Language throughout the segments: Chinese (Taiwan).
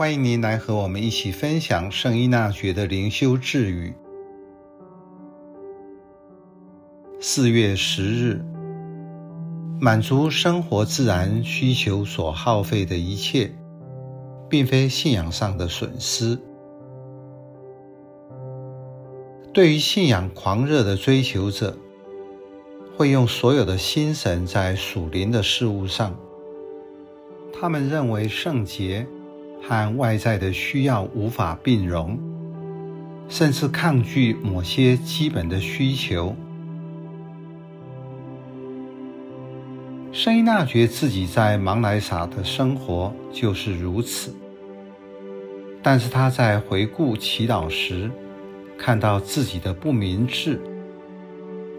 歡迎您來和我們一起分享聖依納爵的靈修智語。四月十日，滿足生活自然需求所耗費的一切，並非信仰上的損失。對於信仰狂熱的追求者，會用所有的心神在屬靈的事務上，他們認為聖潔和外在的需要無法並容，甚至抗拒某些基本的需求。聖依納爵自己在茫萊撒的生活就是如此，但是他在回顧祈禱時，看到自己的不明智，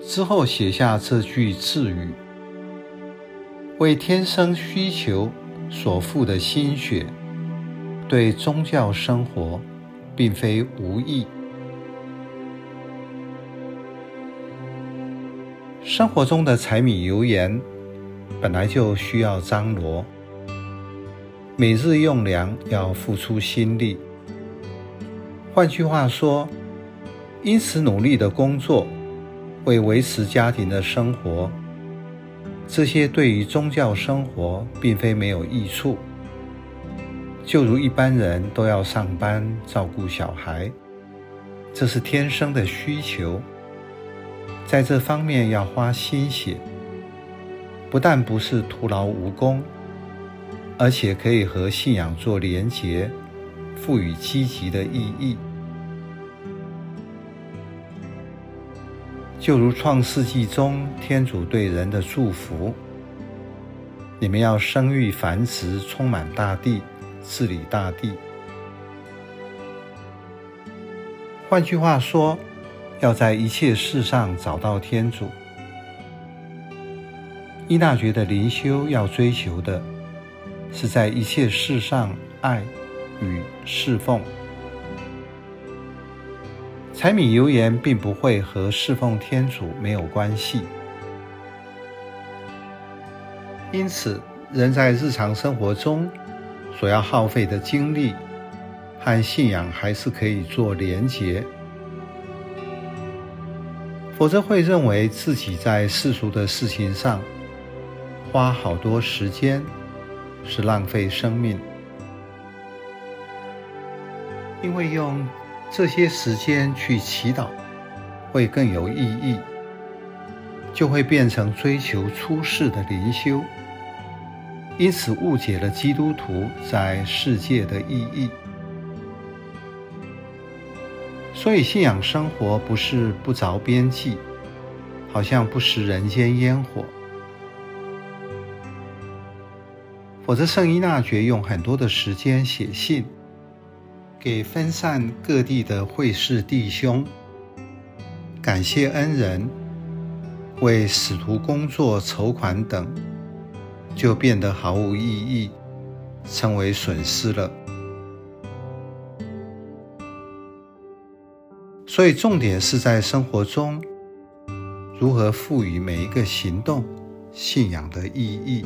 之後寫下這句智語：“為天生需求所付的心血。”對宗教生活，並非無益。生活中的柴米油鹽本來就需要張羅，每日用量要付出心力。換句話說，因此努力的工作，為維持家庭的生活，這些對於宗教生活，並非沒有益處。就如一般人都要上班、照顧小孩，這是天生的需求，在這方面要花心血，不但不是徒勞無功，而且可以和信仰做連結，賦予積極的意義。就如《創世紀》中天主對人的祝福：“你們要生育繁殖，充滿大地。”治理大地。換句話說，要在一切世上找到天主。依納爵的靈修要追求的，是在一切世上愛與侍奉。柴米油鹽並不會和侍奉天主沒有關係，因此人在日常生活中，所要耗費的精力和信仰還是可以做連結，否則會認為自己在世俗的事情上花好多時間是浪費生命，因為用這些時間去祈禱會更有意義，就會變成追求出世的靈修。因此誤解了基督徒在世界的意義。所以信仰生活不是不着邊際，好像不食人間煙火。否則，聖依納爵用很多的時間寫信，給分散各地的會士弟兄、感謝恩人、為使徒工作籌款等。就變得毫無意義，成為損失了。所以重點是在生活中，如何賦予每一個行動信仰的意義。